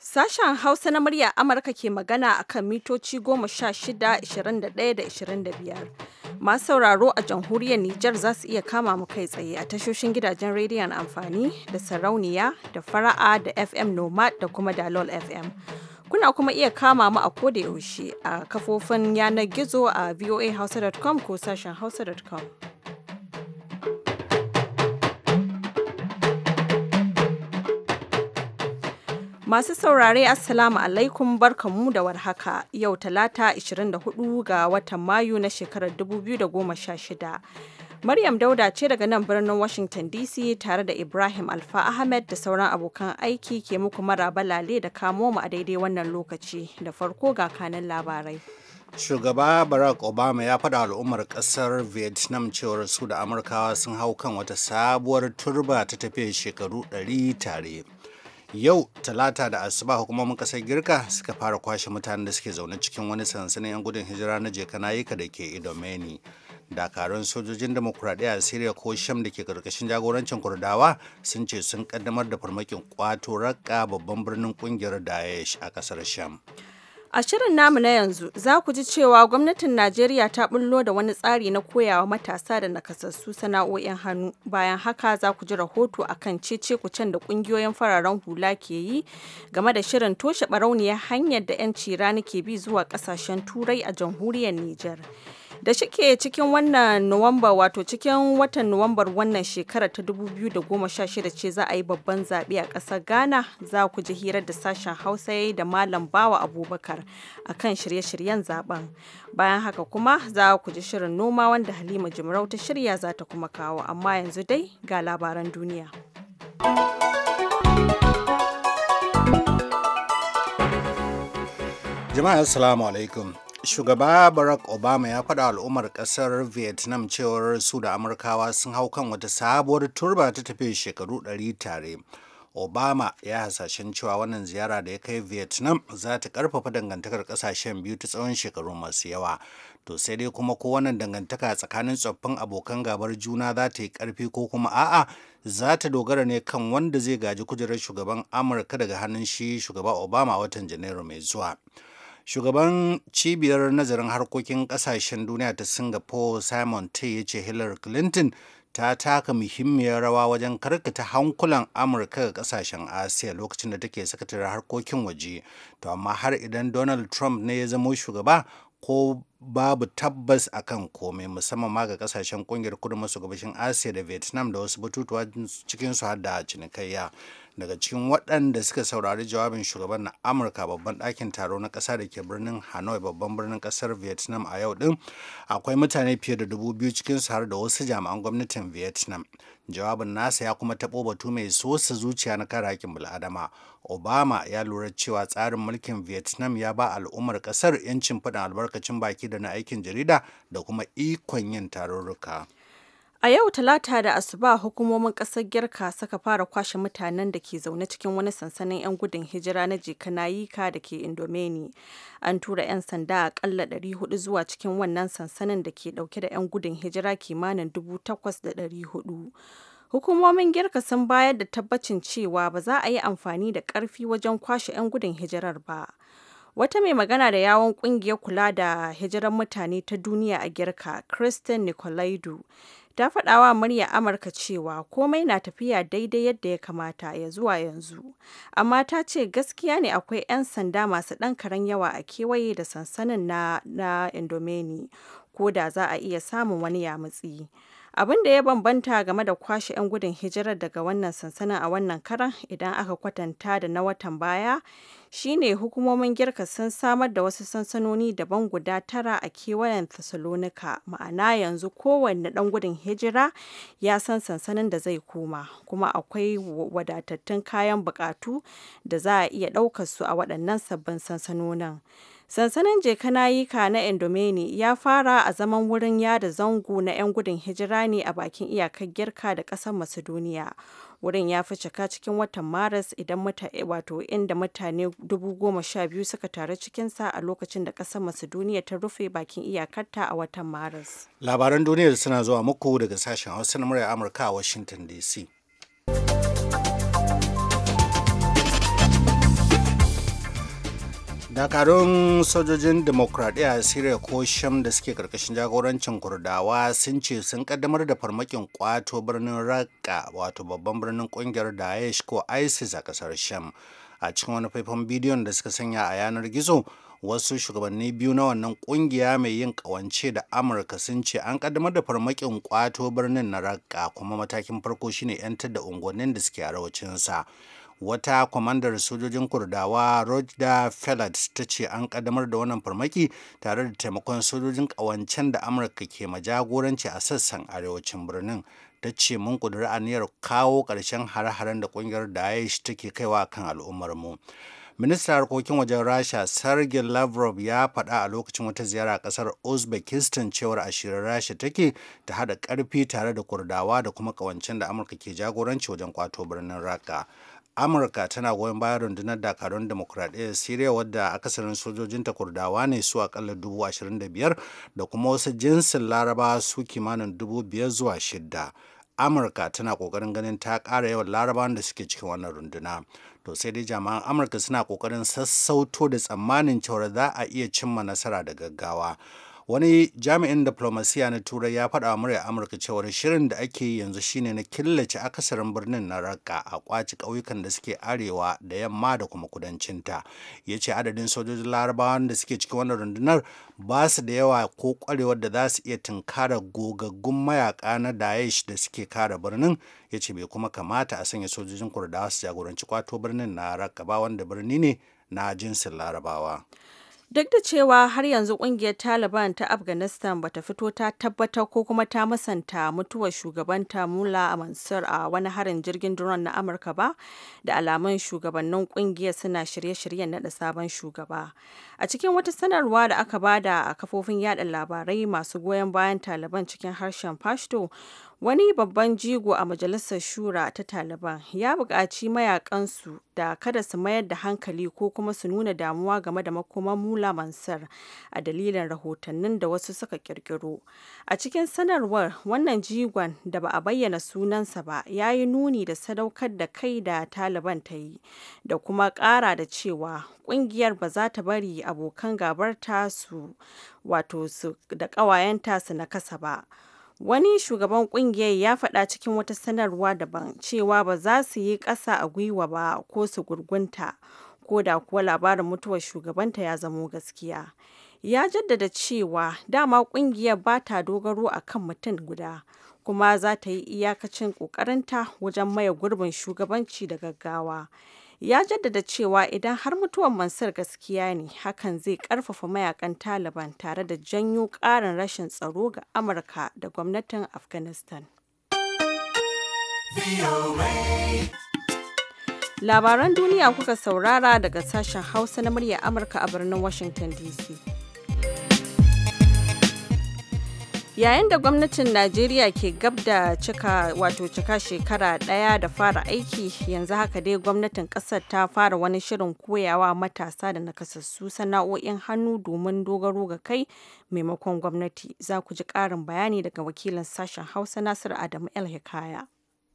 Sashen Hausa na murya Amurka ke magana a kan mitoci 16, 21 da 25. Masu sauraro a jamhuriyar Nijar za su iya kama mu kai tsaye a tashoshin gidajen rediyon amfani da sarauniya da fara'a da FM Nomad da kuma Dalol FM. Kuna kuma iya kama mu a koda yaushe a kafofin yanar gizo a voahausa.com ko sashen hausa.com. Masu saurare Assalamu alaikum barkanmu da warhaka yau talata 24 ga watan Mayu na shekarar 2016. Maryam Dauda ce daga nan birnin Washington DC tare da Ibrahim Alfa Ahmed da sauran abokan aiki ke muku maraba lale da kamo mu a daidai wannan lokaci. Da farko ga kanan labarai. Shugaba Barack Obama ya faɗa al'ummar ƙasar Vietnam cewar su da Amurkawa sun hau kan wata sabuwar turba ta tafiya shekaru 100 tare. yau talata da asuba hukumomin kasar girka suka fara kwashe mutanen da suke zaune cikin wani sansanin 'yan gudun hijira na jeka da ke idomeni dakarun sojojin demokuraɗiyya a siriya ko sham da ke karkashin jagorancin kurdawa sun ce sun ƙaddamar da farmakin ƙwato raƙa babban birnin kungiyar daesh a ƙasar sham a shirin namu na yanzu za ku ji cewa gwamnatin najeriya ta bullo da wani tsari na koyawa matasa da nakasassu sana'o'in hannu bayan haka za ku ji rahoto a akan cece kucen da kungiyoyin fararen hula ke yi game da shirin toshe barauniyar hanyar da 'yanci cira ke bi zuwa kasashen turai a jamhuriyar niger da shike cikin wannan nuwamba wato cikin watan nuwambar wannan shekarar ta 2016 ce za a yi babban zaɓe a ƙasar ghana za ku ji hirar da sashen hausa da malam bawa abubakar a kan shirye-shiryen zaben bayan haka kuma za ku ji shirin noma wanda halima jimarau ta shirya za ta kuma kawo amma yanzu dai ga labaran duniya jama'a assalamu alaikum Shugaba Barack Obama ya faɗa al'ummar ƙasar Vietnam cewar su da Amurkawa sun hau kan wata sabuwar turba ta tafi shekaru 100 tare. Obama ya hasashen cewa wannan ziyara da ya kai Vietnam za ta ƙarfafa dangantakar ƙasashen biyu ta tsawon shekaru masu yawa. To sai dai kuma ko wannan dangantaka tsakanin tsoffin abokan gabar juna za ta yi ƙarfi ko kuma a'a za ta dogara ne kan wanda zai gaji kujerar shugaban Amurka daga hannun shi shugaba Obama a watan Janairu mai zuwa. shugaban cibiyar nazarin harkokin kasashen duniya ta singapore simon t ya ce hillary clinton ta taka muhimmiyar rawa wajen karkata hankulan amurka ga kasashen asiya lokacin da take sakatare harkokin waje to amma har idan donald trump ne ya zamo shugaba ko babu tabbas akan komai musamman ma ga kasashen kungiyar kudu maso gabashin asiya da vietnam da wasu batutuwa cikinsu har da cinikayya daga cikin waɗanda suka saurari jawabin shugaban na amurka babban ɗakin taro na ƙasa da ke birnin hanoi babban birnin ƙasar vietnam a yau ɗin akwai mutane fiye da dubu biyu cikin har da wasu jami'an gwamnatin vietnam jawabin nasa ya kuma taɓo batu mai sosa zuciya na kare haƙƙin bil'adama obama ya lura cewa tsarin mulkin vietnam ya ba al'ummar ƙasar 'yancin faɗin albarkacin baki da na aikin jarida da kuma ikon yin tarurruka. A yau Talata da Asuba hukumomin ƙasar Girka suka fara kwashe mutanen da ke zaune cikin wani sansanin 'yan gudun hijira na Jikanayika da ke Indomeni. An tura 'yan sanda a kalla 400 zuwa cikin wannan sansanin da ke ɗauke da 'yan gudun hijira kimanin 8,400. Hukumomin Girka sun bayar da tabbacin cewa ba za a yi amfani da ƙarfi wajen kwashe 'yan gudun hijirar ba. Wata mai magana da yawon kungiyar kula da hijirar mutane ta duniya a Girka, Kristen Nicolaidu, ta faɗa wa muryar Amurka cewa komai na tafiya daidai yadda ya kamata ya zuwa yanzu, amma ta ce gaskiya ne akwai 'yan sanda masu ɗan karen yawa a kewaye da sansanin na, na Indomeni, ko da za a iya samun wani yamutsi. Abin da ya bambanta game da kwashe 'yan gudun hijirar daga wannan sansanin a wannan karan idan aka kwatanta da na watan baya shine hukumomin Girka sun samar da wasu sansanoni daban guda tara a kewayen Thessalonica, ma'ana yanzu kowanne dan gudun hijira ya san sansanin da zai koma, kuma akwai wadatattun kayan bukatu da za a iya ɗaukar su a waɗannan sabbin sansanonin. Sansanin Jekanayika na Indomeni ya fara a zaman wurin yada zango na 'yan gudun hijira ne a bakin iyakar Girka da ƙasar Macedonia. Wurin ya fi cika cikin watan Maris idan wato inda mutane dubu goma sha biyu suka taru cikinsa a lokacin da ƙasar Macedonia ta rufe bakin iyakarta a watan Maris. Labaran duniyar suna zuwa muku daga sashen Hausa na Amurka a Washington DC. dakarun sojojin demokradiyya siriya ko sham da suke karkashin jagorancin kurdawa sun ce sun kaddamar da farmakin kwato birnin raqqa wato babban birnin kungiyar daesh ko isis a kasar sham a cikin wani faifan bidiyon da suka sanya a yanar gizo wasu shugabanni biyu na wannan kungiya mai yin kawance da amurka sun ce an kaddamar da farmakin kwato birnin na raqqa kuma matakin farko shine 'yantar da unguwannin da suke arewacin sa wata kwamandar sojojin kurdawa rojda felat ta ce an kaddamar da wannan farmaki tare da taimakon sojojin kawancen da amurka ke majagoranci a sassan arewacin birnin ta ce mun kudura aniyar kawo karshen har haren da ƙungiyar daesh take kaiwa kan al'ummarmu ministan harkokin wajen rasha sergei lavrov ya faɗa a lokacin wata ziyara a ƙasar uzbekistan cewar ashirin rasha take ta haɗa ƙarfi tare da kurdawa da kuma ƙawancen da amurka ke jagoranci wajen kwato birnin raqqa amurka tana goyon bayan rundunar dakarun demokuraɗiyyar siriya wadda akasarin sojojinta kurdawa ne su akalla dubu ashirin da biyar da kuma wasu jinsin larabawa su kimanin dubu biyar zuwa shidda amurka tana kokarin ganin ta ƙara yawan larabawan da suke cikin wannan runduna to sai dai jama'an amurka suna kokarin sassauto da tsammanin cewar za a iya cimma nasara da gaggawa wani jami'in diplomasiya na turai ya faɗa wa murya amurka cewar shirin da ake yi yanzu shine na killace akasarin birnin na raqqa a kwaci ƙauyukan da suke arewa da yamma da kuma kudancinta ya ce adadin sojojin larabawan da suke cikin wannan rundunar ba su da yawa ko kwarewar da za su iya tunkara gogaggun mayaka na daesh da suke kare birnin ya ce bai kuma kamata a sanya sojojin kurdawa su jagoranci kwato birnin na raqqa ba wanda birni ne na jinsin larabawa Duk da cewa har yanzu kungiyar Taliban ta Afghanistan bata fito ta tabbatar ko kuma ta masanta mutuwar shugabanta a Mansur a wani harin jirgin drone na Amurka ba, da alamun shugabannin kungiyar suna shirye-shiryen nada sabon shugaba. A cikin wata sanarwa da aka bada a kafofin yada labarai masu goyon bayan Taliban cikin harshen Pashto, Wani babban jigo a Majalisar Shura ta Taliban ya buƙaci mayakansu da kada su mayar da hankali ko kuma su nuna damuwa game da makoman Mula Mansar a dalilin rahotannin da wasu suka kirkiro. A cikin sanarwar, wannan jigon da ba a bayyana sunansa ba ya yi nuni da sadaukar da kai da Taliban ta yi, da kuma ƙara da cewa ƙungiyar ba za ta bari abokan gabar tasu wato su da ƙawayen tasu na kasa ba. Wani shugaban kungiyar ya faɗa cikin wata sanarwa daban cewa ba za su yi ƙasa a gwiwa ba ko su gurgunta, ko da kuwa labarin mutuwar shugabanta ya zamo gaskiya. Ya jaddada cewa dama kungiyar ba ta dogaro a kan mutum guda, kuma za ta yi iyakacin ƙoƙarinta wajen maye gurbin shugabanci da gaggawa. ya jaddada cewa idan har mutuwar mansur gaskiya ne hakan zai karfafa mayakan taliban tare da janyo karin rashin tsaro ga amurka da gwamnatin afghanistan labaran duniya kuka saurara daga sashen hausa na murya amurka a birnin washington dc yayin da gwamnatin najeriya ke gab da cika wato cika shekara ɗaya da fara aiki yanzu haka dai gwamnatin ƙasar ta fara wani shirin koyawa matasa da nakasassu sana'o'in hannu domin dogaro ga kai maimakon gwamnati za ku ji ƙarin bayani daga wakilin sashen hausa nasiru adamu el hikaya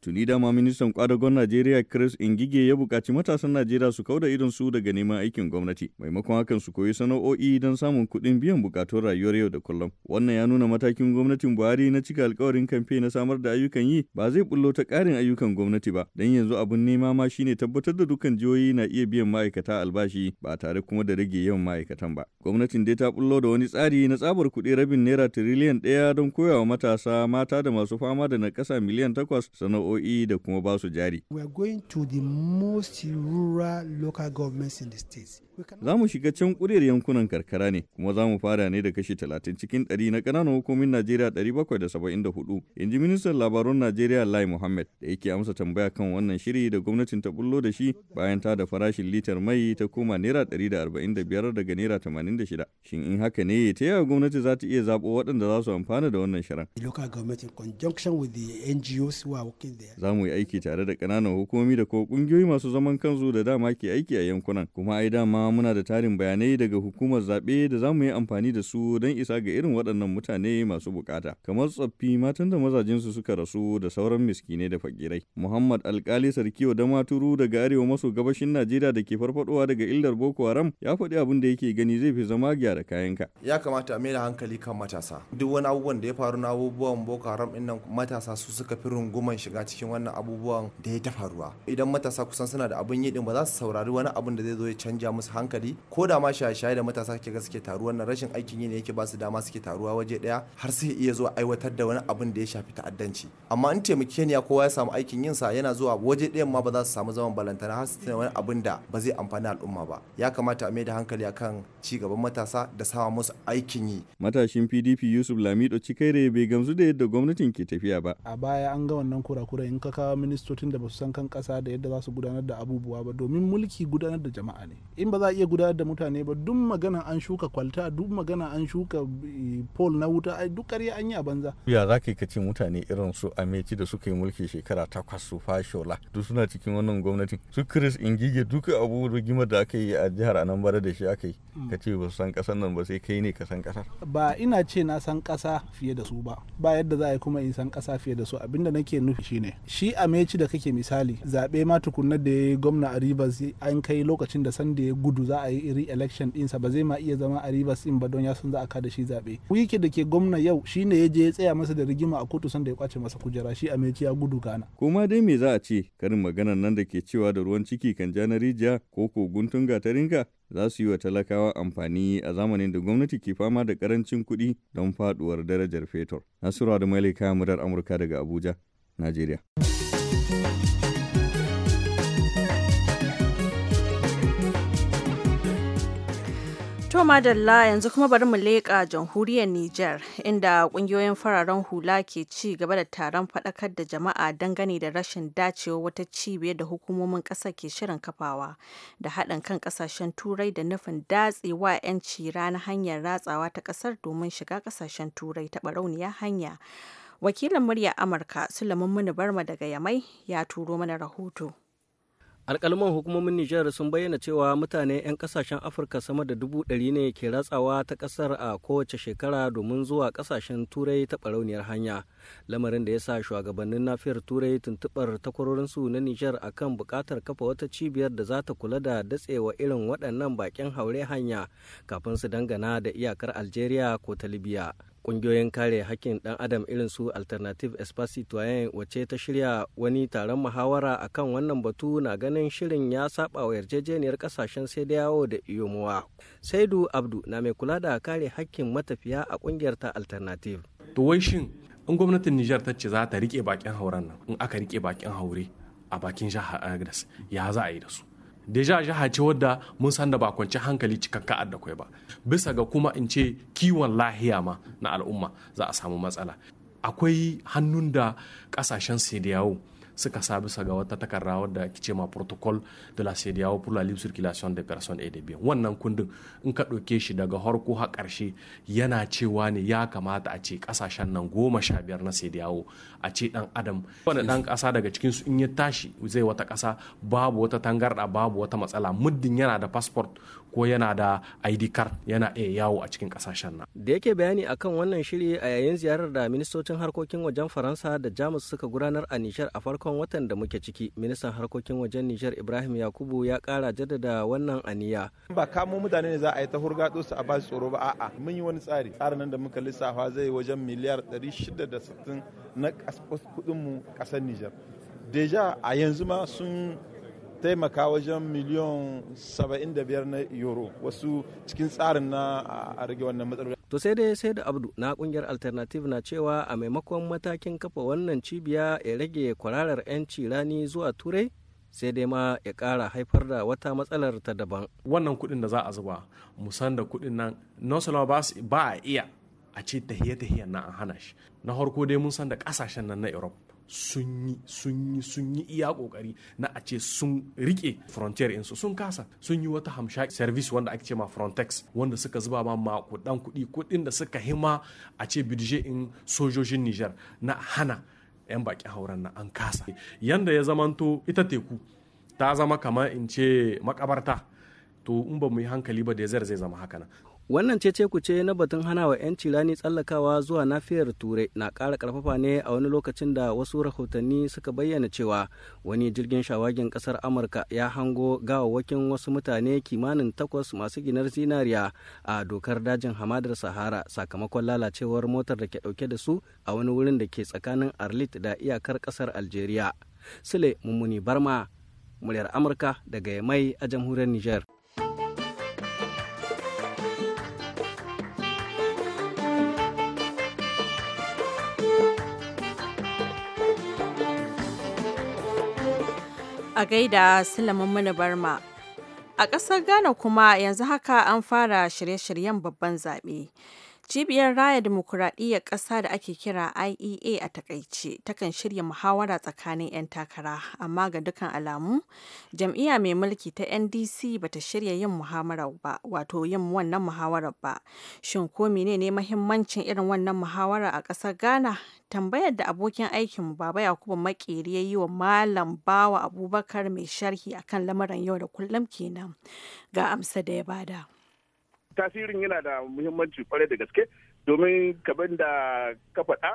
Tuni dama ministan kwadagon Najeriya Chris Ingige ya bukaci matasan Najeriya su kauda idon su daga neman aikin gwamnati, maimakon hakan su koyi sana'o'i don samun kuɗin biyan bukatun rayuwar yau da kullum. Wannan ya nuna matakin gwamnatin Buhari na cika alkawarin kamfe na samar da ayyukan yi ba zai bullo ta karin ayyukan gwamnati ba, don yanzu abun nema ma shine tabbatar da dukkan jihohi na iya biyan ma'aikata albashi ba tare kuma da rage yawan ma'aikatan ba. Gwamnatin dai ta bullo da wani tsari na tsabar kuɗi rabin naira tiriliyan ɗaya don koyawa matasa mata da masu fama da na ƙasa miliyan takwas sana'o'i sana'o'i da kuma basu jari. We are going to the most rural local governments in the state. Za mu shiga can kuriyar yankunan karkara ne, kuma za mu fara ne da kashi 30 cikin 100 na kananan hukumin Najeriya 774, in ji ministan labarun Najeriya Lai Muhammad da yake amsa tambaya kan wannan shiri da gwamnatin ta bullo da shi bayan ta da farashin litar mai ta koma naira 145 daga naira 86. Shin in haka ne ta yawa gwamnati za ta iya zaɓo waɗanda za su amfana da wannan shirin. Za mu yi aiki tare da kananan hukumomi da ko ƙungiyoyi masu zaman kansu da dama ke aiki a yankunan, kuma ai dama muna da tarin bayanai daga hukumar zaɓe da za mu yi amfani da su don isa ga irin waɗannan mutane masu bukata kamar tsoffi matan da mazajinsu suka rasu da sauran miskinai da fakirai muhammad alkali sarki da maturu daga arewa maso gabashin najeriya da ke farfadowa daga illar boko haram ya faɗi abin da yake gani zai fi zama gyara kayan ka. ya kamata a mai da hankali kan matasa duk wani abubuwan da ya faru na abubuwan boko haram ɗin matasa su suka fi runguman shiga cikin wannan abubuwan da ya ta faruwa idan matasa kusan suna da abin yi din ba za su saurari wani abin da zai zo ya canja musu hankali ko da ma shaye-shaye da matasa ke ga suke taruwa na rashin aikin yi ne yake ba su dama suke taruwa waje daya har sai iya zuwa aiwatar da wani abin da ya shafi ta'addanci amma in ya kowa ya samu aikin yin sa yana zuwa waje ɗayan ma ba za su samu zaman balantana har su wani abin da ba zai amfani al'umma ba ya kamata a mai da hankali akan ci gaban matasa da sama musu aikin yi matashin PDP Yusuf Lamido Cikaire bai gamsu da yadda gwamnatin ke tafiya ba a baya an ga wannan kura-kura in ka kawo ministocin da ba su san kan kasa da yadda za su gudanar da abubuwa ba domin mulki gudanar da jama'a ne in ba za a iya gudanar da mutane ba duk magana an shuka kwalta duk magana an shuka eh, pole na wuta duk ƙarya an yi a banza ya za ka kace mutane irin su ameci da suka yi mulki shekara takwas su fashola duk suna cikin wannan gwamnatin su chris ingige duka abu rigimar da aka yi a jihar anambra da shi aka yi mm. ka ce ba su san ƙasar nan ba sai kai ne ka san ƙasar ba ina ce na san ƙasa fiye da su ba ba yadda za a yi kuma in san ƙasa fiye da su abinda nake nufi shine shi ameci da kake misali zaɓe ma tukunna da ya yi gwamna a rivers an kai lokacin da san da ya gudu gudu za a yi iri election dinsa ba zai ma iya zama a rivers in ba don ya sun za a kada shi zaɓe wiki da ke gwamna yau shine ya je ya tsaya masa da rigima a kotu sanda ya kwace masa kujera shi a ya gudu gana kuma dai me za a ce karin maganar nan da ke cewa da ruwan ciki kan ja na rijiya ko ko guntun gatarinka za su yi wa talakawa amfani a zamanin da gwamnati ke fama da karancin kuɗi don faduwar darajar fetur. Nasura da Malika murar Amurka daga Abuja, Najeriya. To madalla yanzu kuma bari mu leƙa jamhuriyar Nijar inda ƙungiyoyin fararen hula ke ci gaba da taron faɗakar da jama'a dangane da rashin dacewa wata cibiyar da hukumomin ƙasa ke shirin kafawa da haɗin kan ƙasashen turai da nufin datsewa 'yanci ranar hanyar ratsawa ta ƙasar domin shiga ƙasashen turai ta barauniya hanya. Wakilin murya Amurka Sulaiman Muni Barma daga Yamai ya turo mana rahoto. alkalman hukumomin nijar sun bayyana cewa mutane 'yan kasashen afirka sama da dubu ɗari ne ke ratsawa ta ƙasar a kowace shekara domin zuwa ƙasashen turai ta ɓarauniyar hanya lamarin da ya sa shugabannin nafiyar turai tuntuɓar takwarorinsu na nijar kan buƙatar kafa wata cibiyar da za ta kula da datsewa irin waɗannan baƙin haure hanya kafin su dangana da iyakar algeria ko ta libya Ƙungiyoyin kare hakkin ɗan adam irin su Alternative Espace Citoyen wacce ta shirya wani taron muhawara akan wannan batu na ganin shirin ya saba wa yarjejeniyar ƙasashen sai da yawo da iyomowa. Saidu Abdu na mai kula da kare hakkin matafiya a ƙungiyar ta Alternative. To wai shin in gwamnatin Nijar ta ce za ta rike bakin hauren nan in aka rike bakin haure a bakin jihar Agnes ya za a yi da su? deja jiha ce wadda mun san da bakwanci hankali cikakka da kwai ba bisa ga kuma in ce kiwon lahiya ma na al'umma za a samu matsala akwai hannun da kasashen sai da yawo suka sa bisa ga wata takarda wadda ake ce ma protocol de la CDAO pour la libre circulation des personnes et des biens wannan kundin in ka ɗauke shi daga harko har ƙarshe yana cewa ne ya kamata a ce kasashen nan goma sha biyar na CDAO a ce dan adam wani dan kasa daga cikin su in ya tashi zai wata kasa babu wata tangarɗa babu wata matsala muddin yana da passport ko yana da ID card yana iya yawo a cikin ƙasashen nan da yake bayani akan wannan shiri a yayin ziyarar da ministocin harkokin wajen Faransa da Jamus suka gudanar a Nishar a farko farkon watan da muke ciki ministan harkokin wajen nijar ibrahim yakubu ya kara jaddada wannan aniya ba kamo mutane ne za a yi ta hurgaɗo su a ba tsoro ba a'a mun yi wani tsari tsarin nan da muka lissafa zai wajen miliyar 660 na mu kasar nijar deja a yanzu ma sun taimaka wajen miliyan 75 na euro wasu cikin tsarin na a rage wannan matsaloli. to sai dai sai da abdu na kungiyar alternative na cewa a maimakon matakin kafa wannan cibiya ya rage kwararar 'yanci rani zuwa turai sai dai ma ya kara haifar da wata matsalar ta daban wannan kuɗin da za a zuba musan da kuɗin nan nosala ba a iya a ce tahiye-tahiyen na an hana shi na harko dai mun san da ƙasashen nan na europe sun yi sun yi sun yi iya kokari na a ce sun rike frontier insu sun kasa sun yi wata hamsha service wanda ake ce ma frontex wanda suka zuba ma makudan kuɗi kuɗin da suka hima a ce budget in sojojin niger na hana 'yan bakin hauren na an kasa yanda ya zamanto ita teku ta zama kamar in ce makabarta to in ba mu yi hankali ba da zai zama haka nan wannan cece ce na batun hana wa 'yanci rani tsallakawa zuwa nafiyar turai na ƙara ƙarfafa ne a wani lokacin da wasu rahotanni suka bayyana cewa wani jirgin shawagin ƙasar amurka ya hango gawawwakin wasu mutane kimanin takwas masu ginar zinariya a dokar dajin hamadar sahara sakamakon lalacewar motar da ke ɗauke da su a wani wurin da ke tsakanin arlit da iyakar ƙasar algeria sule mummuni barma muryar amurka daga yamai a jamhuriyar niger a gaida Sulaiman mana Barma. A ƙasar Ghana kuma yanzu haka an fara shirye-shiryen babban zaɓe. Cibiyar Raya Dimokuraɗiyyar Ƙasa da ake kira IEA a takaice takan shirya muhawara tsakanin 'yan takara, amma ga dukan alamu jam'iyya mai mulki ta NDC ba ta shirya yin muhawarar ba, wato yin wannan muhawarar ba. Shin ko menene mahimmancin irin wannan muhawarar a ƙasar Ghana? Tambayar da abokin aikin Baba Yakubu Makeri ya yi wa Malam Bawa Abubakar mai sharhi akan lamarin yau da kullum kenan. Ga amsa da ya bada. tasirin yana da muhimmanci kwarai da gaske domin kamar da ka faɗa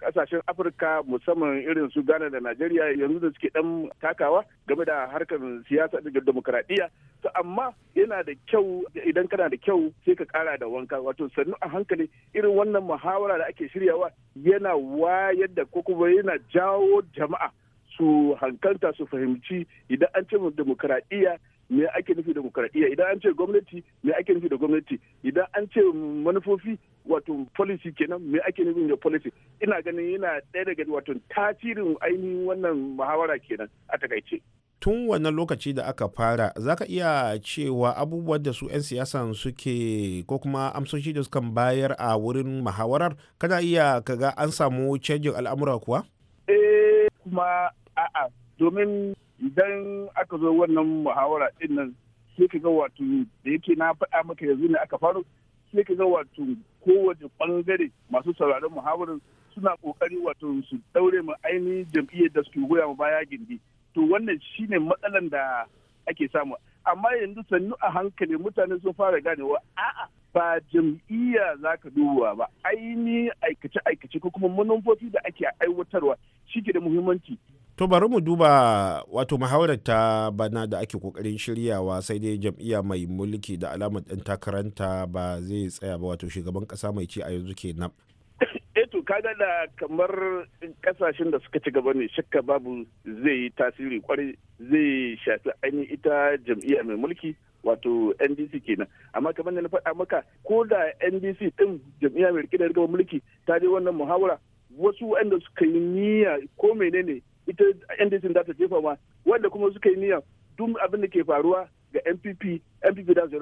kasashen afirka musamman irin su ghana da najeriya yanzu da suke dan takawa game da harkar siyasa da demokradiyya to amma yana da kyau idan kana da kyau sai ka kara da wanka wato sannu a hankali irin wannan muhawara da ake shiryawa yana wayar da ko kuma yana jawo jama'a su hankalta su fahimci idan an ce mu demokaradiyya me ake nufi da demokradiyya idan an ce gwamnati me ake nufi da gwamnati idan an ce manufofi wato policy kenan me ake nufi da policy ina ganin yana ɗaya daga wato tasirin ainihin wannan muhawara kenan a takaice tun wannan lokaci da aka fara za ka iya cewa abubuwan da su 'yan siyasan suke ko kuma amsoshi da sukan bayar a wurin muhawarar kana iya ka ga an samu canjin al'amura kuwa? eh kuma a'a domin idan aka zo wannan muhawara din nan sai ka ga wato da yake na faɗa maka yanzu ne aka faru sai ka ga wato kowace bangare masu sauraron muhawarar suna kokari wato su daure mu ainihin jam'iyyar da suke goya mu baya gindi to wannan shine matsalan da ake samu amma yanzu sannu a hankali mutane sun fara ganewa a'a ba jam'iyya za ka duba ba aini aikace aikace ko kuma manufofi da ake aiwatarwa shi ke da muhimmanci To bari mu duba wato muhawarar ta bana da ake kokarin shiryawa sai dai jam'iyya mai mulki da alamar ɗan takaranta ba zai tsaya ba wato shugaban kasa mai ci a yanzu kenan. eh to kaga da kamar kasashen da suka ci gaba ne shakka babu zai yi tasiri kwarai zai shafi ainihin ita jam'iyya mai mulki wato ndc kenan amma kamar da na faɗa maka ko da ndc ɗin jam'iyya mai rike da mulki ta je wannan muhawara wasu wanda suka yi niyya ko menene ita da za ta jefa ma wanda kuma suka yi niyya duk abin da ke faruwa ga npp npp da su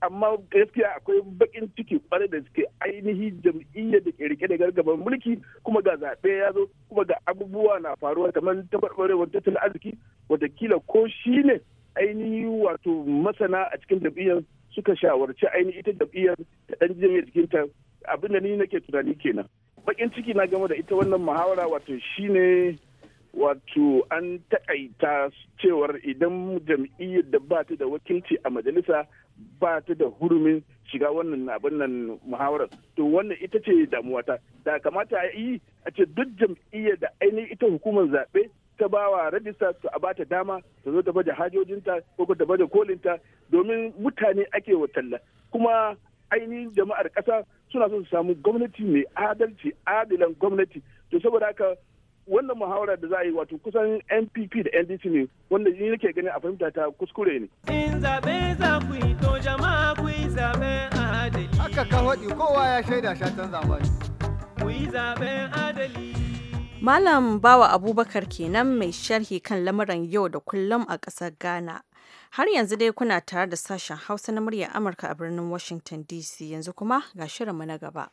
amma gaskiya akwai bakin ciki kwarai da suke ainihi jam'iyyar da ke rike da gargaban mulki kuma ga zaɓe ya zo kuma ga abubuwa na faruwa kamar taɓarɓarewar tattalin arziki watakila ko shi ne ainihi wato masana a cikin jam'iyyar suka shawarci ainihi ita jam'iyyar ta ɗan jami'a jikinta abin da ni nake tunani kenan bakin ciki na game da ita wannan muhawara wato shi ne. wato an takaita cewar idan jam'iyyar da ba ta da wakilci a majalisa ba ta da hurumin shiga wannan abin nan muhawarar to wannan ita ce damuwata da kamata a yi a ce duk jam'iyyar da ainihin ita hukumar zaɓe ta ba wa rajista su a bata dama ta zo ta baje hajojinta ko ta baje kolinta domin mutane ake wa talla kuma ainihin jama'ar ƙasa suna son su samu gwamnati mai adalci adilan gwamnati to saboda haka wannan muhawara da za a yi wato kusan npp da ndc ne wanda yi nake gani a fahimta ta kuskure ne in zabe za ku yi to jama'a ku yi zabe adali haka ka faɗi kowa ya shaida shatan zamani ku yi adali Malam Bawa Abubakar kenan mai sharhi kan lamuran yau da kullum a ƙasar Ghana. Har yanzu dai kuna tare da sashen Hausa na muryar Amurka a birnin Washington DC yanzu kuma ga shirinmu na gaba.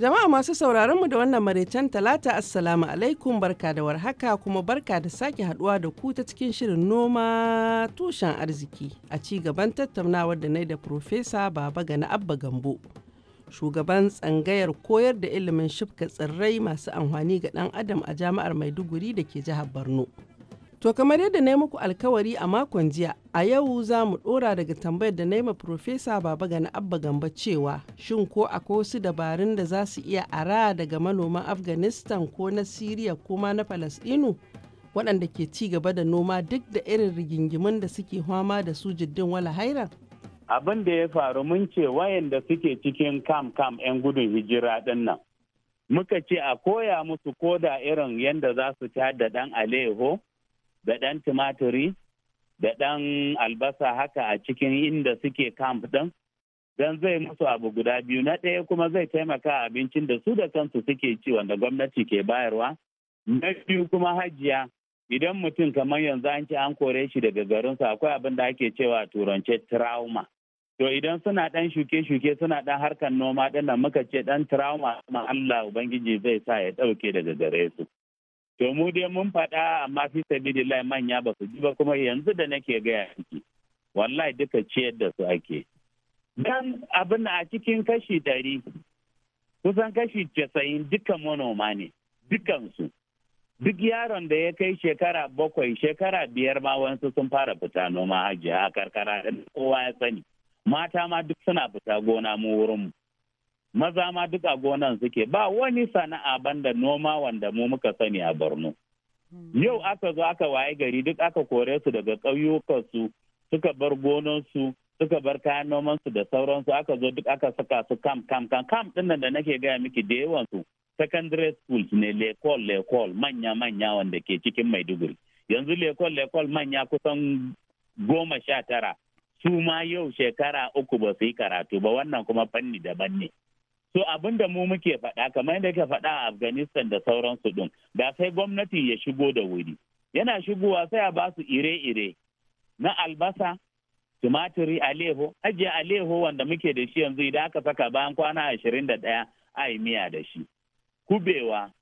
Jama'a masu sauraron mu da wannan maraicen talata assalamu alaikum barka da warhaka kuma barka da sake haduwa da ku ta cikin shirin noma tushen arziki a ci gaban tattaunawar da na da Profesa Baba Gana Abba Gambo. Shugaban tsangayar koyar da ilimin shifka tsirrai masu amfani ga ɗan adam a jami'ar Maiduguri da ke jihar Borno. To kamar yadda na yi muku alkawari a makon jiya, a yau za mu ɗora daga tambayar da na yi ma Profesa Baba Gani Abba Gamba cewa shin ko akwai wasu dabarun da za su iya ara daga manoman Afghanistan ko na Siriya ko ma na Falasɗinu? Waɗanda ke ci gaba da noma duk da irin rigingimin da suke fama da su jiddin wala hairan? Abin da ya faru mun ce wayanda suke cikin kam kam 'yan gudun hijira ɗin nan. Muka ce a koya musu koda irin yadda za su ta da ɗan aleho da ɗan tumaturi da ɗan albasa haka a cikin inda suke camp ɗin don zai musu abu guda biyu na ɗaya kuma zai taimaka abincin da su da kansu suke ci wanda gwamnati ke bayarwa na biyu kuma hajiya idan mutum kamar yanzu an ce an kore shi daga garinsa akwai abin da ake cewa turance trauma to idan suna ɗan shuke-shuke suna ɗan harkar noma ɗin nan muka ce ɗan trauma ma Allah Ubangiji zai sa ya ɗauke daga gare su to mu dai mun faɗa amma fi sabilillahi manya ba su ji ba kuma yanzu da nake gaya ciki wallahi duka ciyar da su ake dan abin a cikin kashi ɗari kusan kashi casa'in duka manoma ne dukansu duk yaron da ya kai shekara bakwai shekara biyar ma wansu sun fara fita noma hajiya a karkara kowa ya sani mata ma duk suna fita gona mu wurinmu maza ma duk a gonan suke ba wani sana'a banda noma wanda mu muka sani a borno hmm. yau aka zo aka waye gari duk aka kore su daga ƙauyukansu suka bar gonansu suka bar kayan nomansu da sauransu aka zo duk aka saka su kam kam kam kam dinnan da nake gaya miki da yawansu secondary schools ne lekol lekol manya manya wanda ke cikin maiduguri yanzu lekol lekol manya kusan goma sha tara su ma yau shekara uku ba su yi karatu ba wannan kuma fanni daban ne So abin da mu muke faɗa kamar yadda ka faɗa a Afghanistan da sauransu ɗin da sai gwamnati ya shigo da wuri. Yana shigowa sai a ba su ire-ire na albasa, tumatiri, aleho, ajiye aleho wanda muke da shi yanzu idan aka saka bayan kwana ashirin da ɗaya a yi miya da shi. Kubewa,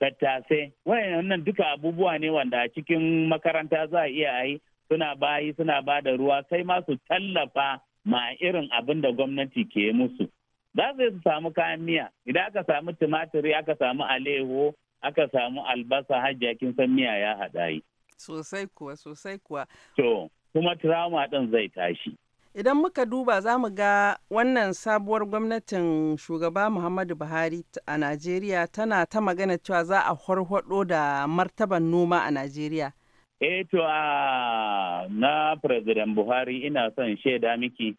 tattasai, wayannan duka abubuwa ne wanda a cikin makaranta za a iya yi suna bayi suna ba da ruwa sai ma su tallafa ma irin abin da gwamnati ke musu. za su su samu kayan miya idan aka samu tumatiri aka samu aleho aka samu albasa har kin san miya ya haɗa yi sosai kuwa sosai kuwa to kuma trauma ɗin zai tashi idan muka duba za mu ga wannan sabuwar gwamnatin shugaba muhammadu buhari a najeriya tana ta magana cewa za a harhaɗo da martaban noma a najeriya eh to a na president buhari ina son shaida miki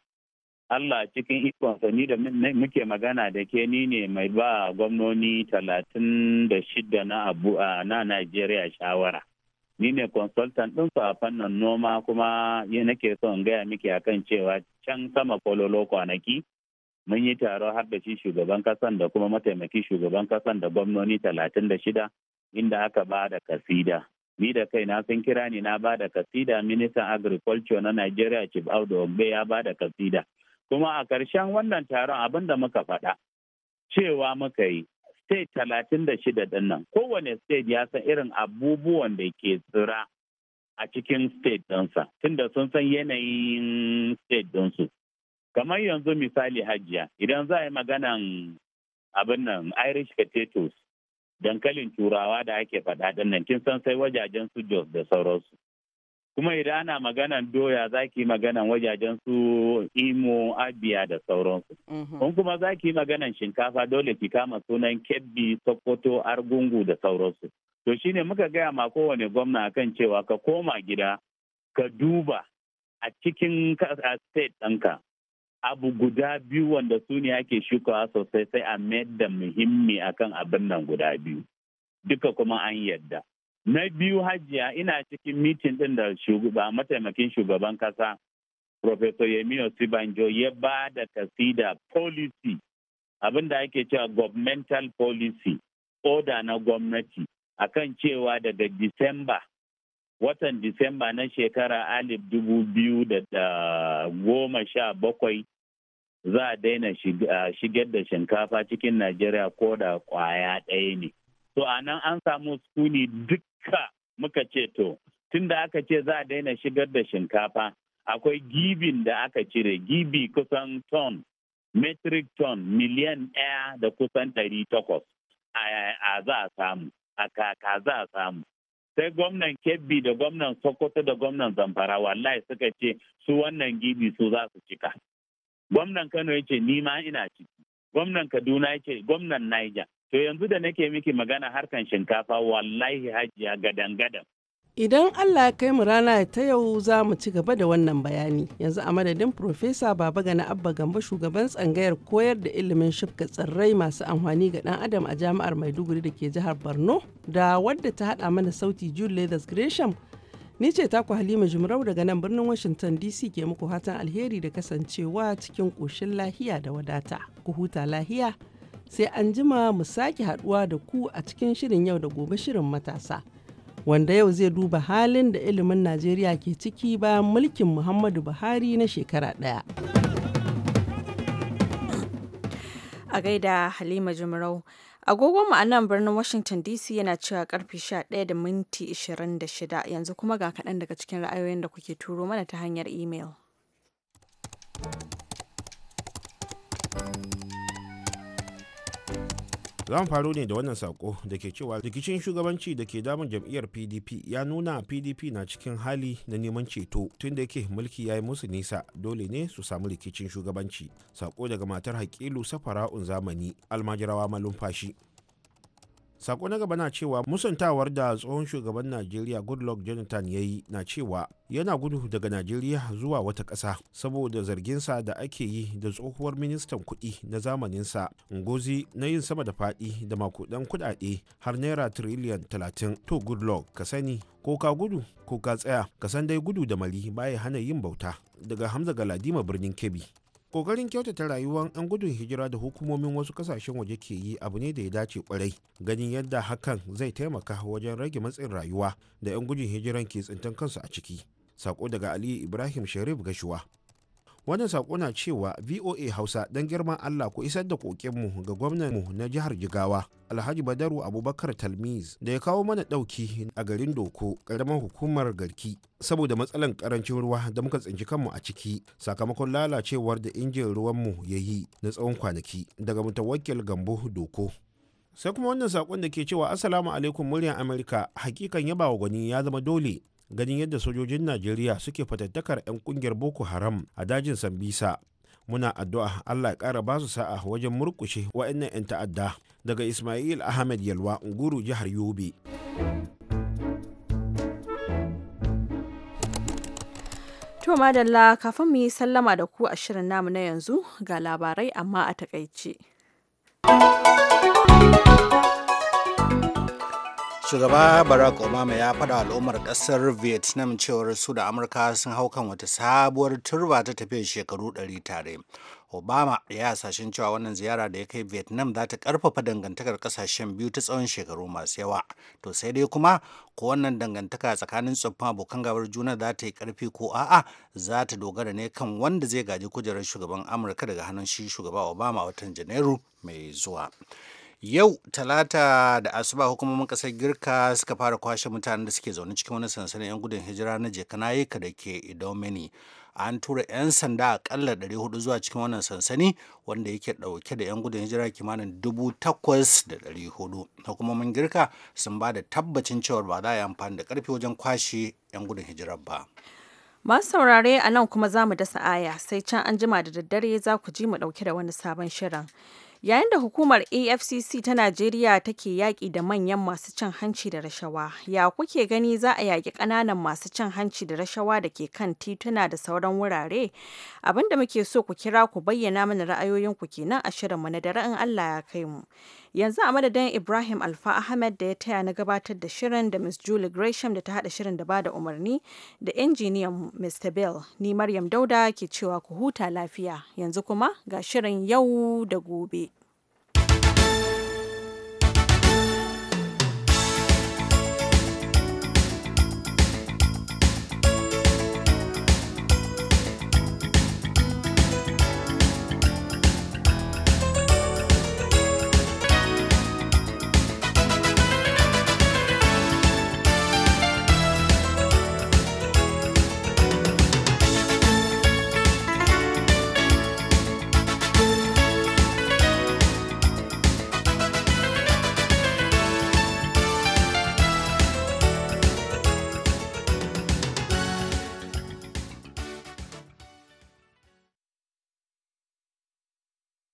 Allah cikin ikonsa ni da muke magana da ke ni ne mai ba gwamnoni talatin da shida na abu na Najeriya shawara. Ni ne consultant ɗinsu a fannin noma kuma nake son gaya miki akan cewa can sama kololo kwanaki mun yi taro har da shi shugaban kasan da kuma mataimaki shugaban kasan da gwamnoni talatin da shida inda aka ba da kasida. ni da kai na sun kira ni na ba da kasida ministan agriculture na Najeriya Chief Audu Ogbe ya ba da kasida kuma a ƙarshen wannan taron abin da muka faɗa cewa muka yi state talatin da shida ɗin nan kowane state ya san irin abubuwan da ke tsira a cikin state ɗinsa tunda sun san yanayin state ɗinsu kamar yanzu misali hajiya idan za a yi maganan abin nan irish potatoes dankalin turawa da ake faɗa ɗin nan kin san sai wajajen su jos da sauransu kuma idan ana maganan doya za ki maganan wajajen su imo abia da sauransu kun mhm. kuma za ki maganan shinkafa dole ki kama sunan kebbi sokoto argungu da sauransu to shine muka gaya ma kowane gwamna akan cewa ka koma gida ka duba a cikin state ɗinka abu guda biyu wanda su ne ake shukawa sosai sai a mayar da muhimmi akan abin nan guda biyu duka kuma an yadda na biyu hajiya ina cikin mitin din da shugaba mataimakin shugaban kasa professor yemi osibanjo ya ba da kasida policy abinda ake cewa governmental policy oda na gwamnati akan cewa daga disamba watan disamba na shekara alif dubu biyu da goma sha bakwai za a daina shigar da shinkafa cikin najeriya ko da kwaya ɗaya ne to a nan an samu sukuni dukka muka ce to tun da aka ce za a daina shigar da shinkafa akwai gibin da aka cire gibi kusan ton metric ton miliyan ɗaya da kusan ɗari takwas a za a samu a kaka za a samu sai gwamnan kebbi da gwamnan sokoto da gwamnan zamfara wallahi suka ce su wannan gibi su za su cika gwamnan kano ya ce ni ma ina ciki gwamnan kaduna ya ce gwamnan niger To yanzu da nake miki magana harkan shinkafa wallahi hajiya gadan-gadan. Idan Allah ya kai mu rana ta yau za mu ci gaba da wannan bayani. Yanzu a madadin Profesa Baba Gana Abba Gambo shugaban tsangayar koyar da ilimin shifka tsirrai masu amfani ga ɗan adam a jami'ar Maiduguri da ke jihar Borno da wadda ta haɗa mana sauti Jude Leathers Gresham. Ni ce ta taku Halima Jumrau daga nan birnin Washington DC ke muku hatan alheri da kasancewa cikin ƙoshin lahiya da wadata. Ku huta lahiya. sai an jima mu sake haduwa da ku a cikin shirin yau da gobe shirin matasa wanda yau zai duba halin da ilimin najeriya ke ciki bayan mulkin muhammadu buhari na shekara daya. a gaida halima jimarau agogonmu a nan birnin washington dc yana cewa karfe 11 da minti 26 yanzu kuma ga kaɗan daga cikin ra'ayoyin da kuke turo mana ta hanyar email. za mu faro ne da wannan sako da ke cewa rikicin shugabanci da ke damun jam'iyyar pdp ya nuna pdp na cikin hali na neman ceto tun da yake mulki ya yi musu nisa dole ne su samu rikicin shugabanci sako daga matar hakilu safara'un zamani almajirawa malumfashi sako na gaba na cewa musantawar da tsohon shugaban najeriya goodluck jonathan ya yi na cewa yana gudu daga najeriya zuwa wata ƙasa saboda zarginsa da ake yi da tsohuwar ministan kuɗi na zamaninsa ngozi na yin sama da faɗi da makudan kuɗaɗe har naira tiriliyan 30 to goodluck ka sani ko ka gudu ko ka tsaya ka san dai gudu da mali baya hana yin bauta daga hamza galadima birnin kebbi kokarin kyautata rayuwar 'yan gudun hijira da hukumomin wasu kasashen waje ke yi abu ne da ya dace kwarai ganin yadda hakan zai taimaka wajen rage matsin rayuwa da 'yan gudun hijiran ke tsintan kansu a ciki sako daga aliyu ibrahim sharif gashuwa wannan saƙo na cewa voa hausa don girman allah ku isar da kokinmu ga gwamnan mu na jihar jigawa alhaji badaru abubakar talmiz da ya kawo mana ɗauki a garin doko ƙaramar hukumar garki saboda matsalan ƙarancin ruwa da muka tsinci kanmu a ciki sakamakon lalacewar da injin ruwanmu ya yi na tsawon kwanaki daga mutawakil gambo doko sai kuma wannan saƙon da ke cewa assalamu alaikum muryar amerika hakikan yaba wa gwani ya zama dole ganin yadda sojojin najeriya suke fatattakar 'yan kungiyar boko haram a dajin sambisa muna addu'a allah ƙara basu sa'a wajen murkushe wa'annan 'yan ta'adda daga ismail ahmed yalwa nguru jihar yobe To madalla kafin mu yi sallama da ku a shirin namu na yanzu ga labarai amma a takaice. shugaba barack obama ya faɗa al'ummar ƙasar vietnam cewa su da amurka sun hau kan wata sabuwar turba ta tafiya shekaru 100 tare obama ya hasashen cewa wannan ziyara da ya kai vietnam za ta karfafa dangantakar kasashen biyu ta tsawon shekaru masu yawa to sai dai kuma ko wannan dangantaka tsakanin tsoffin abokan gabar juna za ta yi karfi ko a'a za ta dogara ne kan wanda zai gaji kujerar shugaban amurka daga hannun shi shugaba obama a watan janairu mai zuwa yau talata da asuba hukumomin kasar girka suka fara kwashe mutanen da suke zaune cikin wani sansanin 'yan gudun hijira na jekanayika da ke idomeni an tura 'yan sanda akalla 400 zuwa cikin wannan sansani wanda yake dauke da 'yan gudun hijira kimanin 8,400 hukumomin girka sun ba da tabbacin cewar ba za a yi amfani da karfi wajen kwashe 'yan gudun hijirar ba Masu saurare a nan kuma za mu dasa aya sai can an jima da daddare za ku ji mu ɗauke da wani sabon shirin. Yayin da hukumar AFCC ta Najeriya take yaƙi da manyan masu cin hanci da rashawa, ya kuke gani za a yaƙi ƙananan masu cin hanci da rashawa da ke kan tituna da sauran wurare? Abin da muke so ku kira ku bayyana mana ra'ayoyinku kenan a shirinmu na dare in Allah ya kai mu. Yanzu a madadin Ibrahim Alfa Ahmed da ya taya na gabatar da shirin da Miss Julie Gresham da ta hada shirin da ba da umarni da injiniyan Mr. Bell ni Maryam Dauda ke cewa ku huta lafiya. Yanzu kuma ga shirin yau da gobe.